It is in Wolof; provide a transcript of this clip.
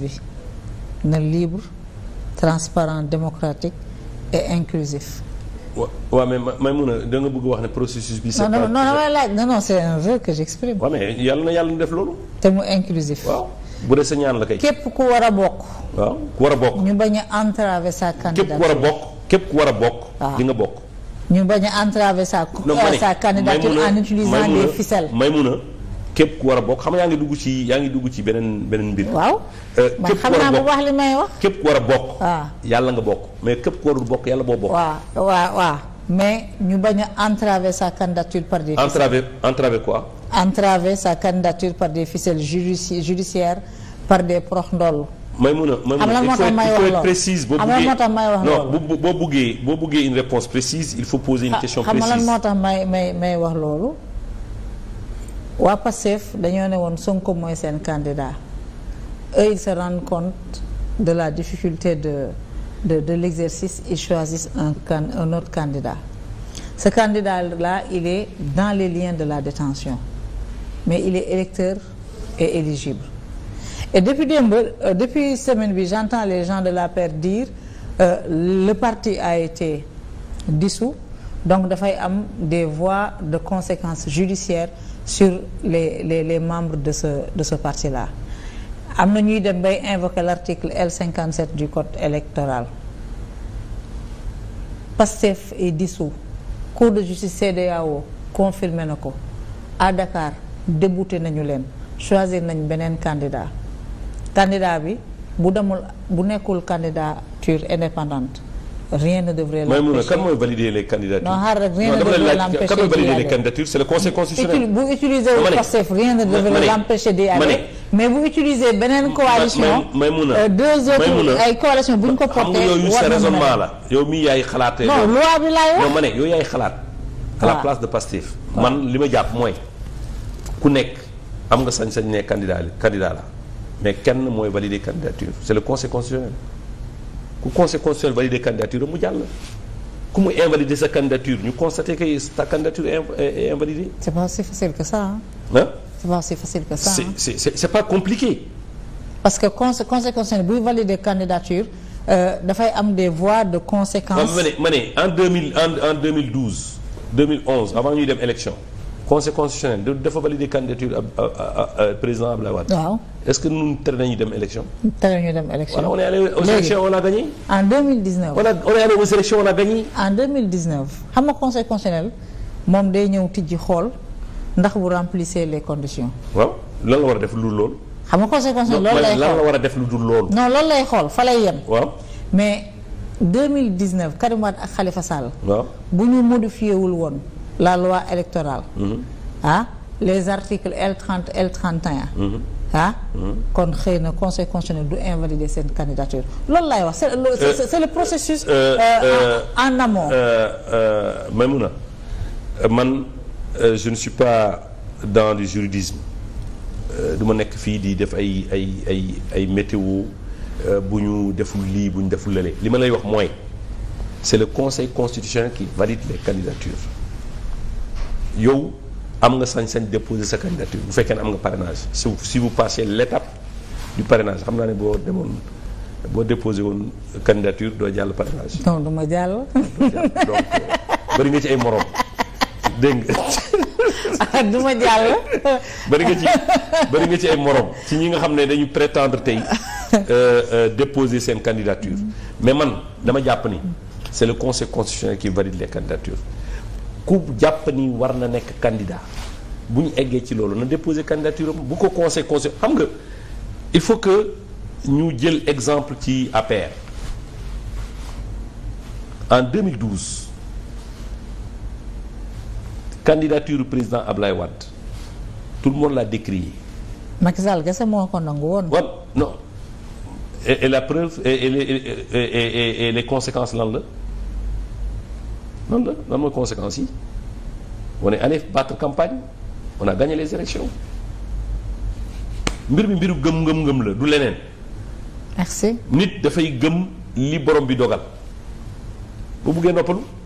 bi na libre transparent démocratique et inclusif. wa waaw mais Maïmouna da nga bëgg wax ne processus bi. c'est non non non laaj non non c'est un vœu que j'exprime. waaw mais yàlla na yàlla na def loolu. te mu inclusif. waaw bu dee sa ñaan la kay. képp ku war a bokk. ku war a bokk. ñu bañ a entraver sa candidature. a bokk képp ku war a bokk. waaw ah. a képp ku war a bokk xam nga yaa ngi dugg ci yaa ngi dugg ci beneen beneen mbir. waaw euh, man xam wax képp ku war a bokk. Ah. yàlla nga bokk mais képp ku warul bokk yàlla boo bokk. waaw waaw waaw mais ñu bañ a entraver sa candidature par des. entraver entraver quoi. entraver sa candidature par des ficelles judici judiciaires par des prox boo buggee moo wax loolu non boo buggee boo buggee une réponse précise il faut poser une ah, question précise xam nga lan moo tax may may may wax loolu. waa Pastef dañoo ne woon Sonko mooy seen candidat eux ils se rendent compte de la difficulté de de de l'exercice ils choisissent un can un autre candidat ce candidat là il est dans les liens de la détention mais il est électeur et éligible et depuis démb euh, depuis semaine bi j'entends les gens de l'APR dire euh, le parti a été dissous donc dafay am des voies de conséquences judiciaires sur les les les membres de ce de ce parti là am na ñuy dem bay invoquer l'article L57 du code électoral PASTEF di dissous cour de justice CEDEAO confirmé na ko à Dakar nañu leen choisir nañ beneen candidat candidat bi bu demul bu nekkul candidature indépendante rien ne devrait l'empêcher. Maïmouna, kan mooy valider les candidatures. c'est le conseil constitutionnel. bu utiliser wu Pastef ne devrait l'empêcher d'y aller mais bu utiliser beneen coalition. Maïmouna euh, deux autres ay coalition bu ñu ko am nga nañu sa raisonnement la. yow mii yaay xalaatee. loi bi laay wax ma ne yow yaay xalaat. a la place de Pastef. man li ma jàpp mooy ku nekk am nga sañ-sañ ne candidat candidat la mais kenn mooy valider candidature c'est le conseil constitutionnel. ku conseil constitutionnel valide candidature mu jàll. ku mu invalider sa candidature ñu constater que ta candidature est invalidée. c'est pas si facile que ça ah. c'est pas si facile que ça c'est c'est c'est pas compliqué. parce que conseil buy valider candidature euh, dafay am des voies de conséquence. ma ne ma ne en deux mille en en deux mille douze deux mille onze avant ñuy dem élection. conseil constitutionnel dafa valider candidature président Abdoulaye Wade. waaw est ce que ñun tere nañu dem élection. tere ñu dem élection voilà on est allé aux élections on a gagné. en 2019 on a conseil constitutionnel moom day ñëw tijji xool ndax bu remplissez les conditions. waaw lan la war a def lu loolu. xam conseil constitutionnel loolu lay xool la war a def lu dul loolu. non loolu lay xool fa lay yem. waaw mais 2019 Karim Wade ak Khalifa waaw bu ñu modifié wul woon. la loi électorale mm-hmm. ah les articles L30 L31 mm-hmm. ah mm-hmm. kon xëy na conseil constitutionnel du invalider seen candidature loolu laay wax c'est le euh, processus euh, euh, en amont Maïmouna man je ne suis pas dans le juridisme du ma nekk fii di def ay ay ay ay météo bu ñu deful lii bu ñu deful lële li ma lay wax mooy c'est le conseil constitutionnel qui valide les candidatures yow am nga sañ-sañ déposer sa candidature bu fekkee ne am nga parrainage si si vous passez l'étape du parrainage xam naa ne boo demoon boo déposé woon candidature doo jàll parrainage. non du ma jàll. donc bëri nga ci ay morom dégg nga. ah du nga ci ay morom ci ñi nga xam ne dañu prétendre tey euh, euh, déposer seen candidature mais man dama jàpp ni c'est le conseil constitutionnel qui valide les candidatures. ku jàpp ni war na nekk candidat bu ñu eggee ci loolu na déposer candidature am bu ko conseil conseil xam nga il faut que ñu jël exemple ci APR en 2012 candidature président Ablaye Wade tout le monde l'a décrié. yi Sall kese moo ko nangu woon. wan non et, la preuve et, et, et les conséquences lan la. lan la lan mooy conséquences yi on est allé battre campagne on a gagné les élections mbir mi mbiru gëm ngëm ngëm la du leneen. merci nit dafay gëm li borom bi dogal bu buggee noppalu.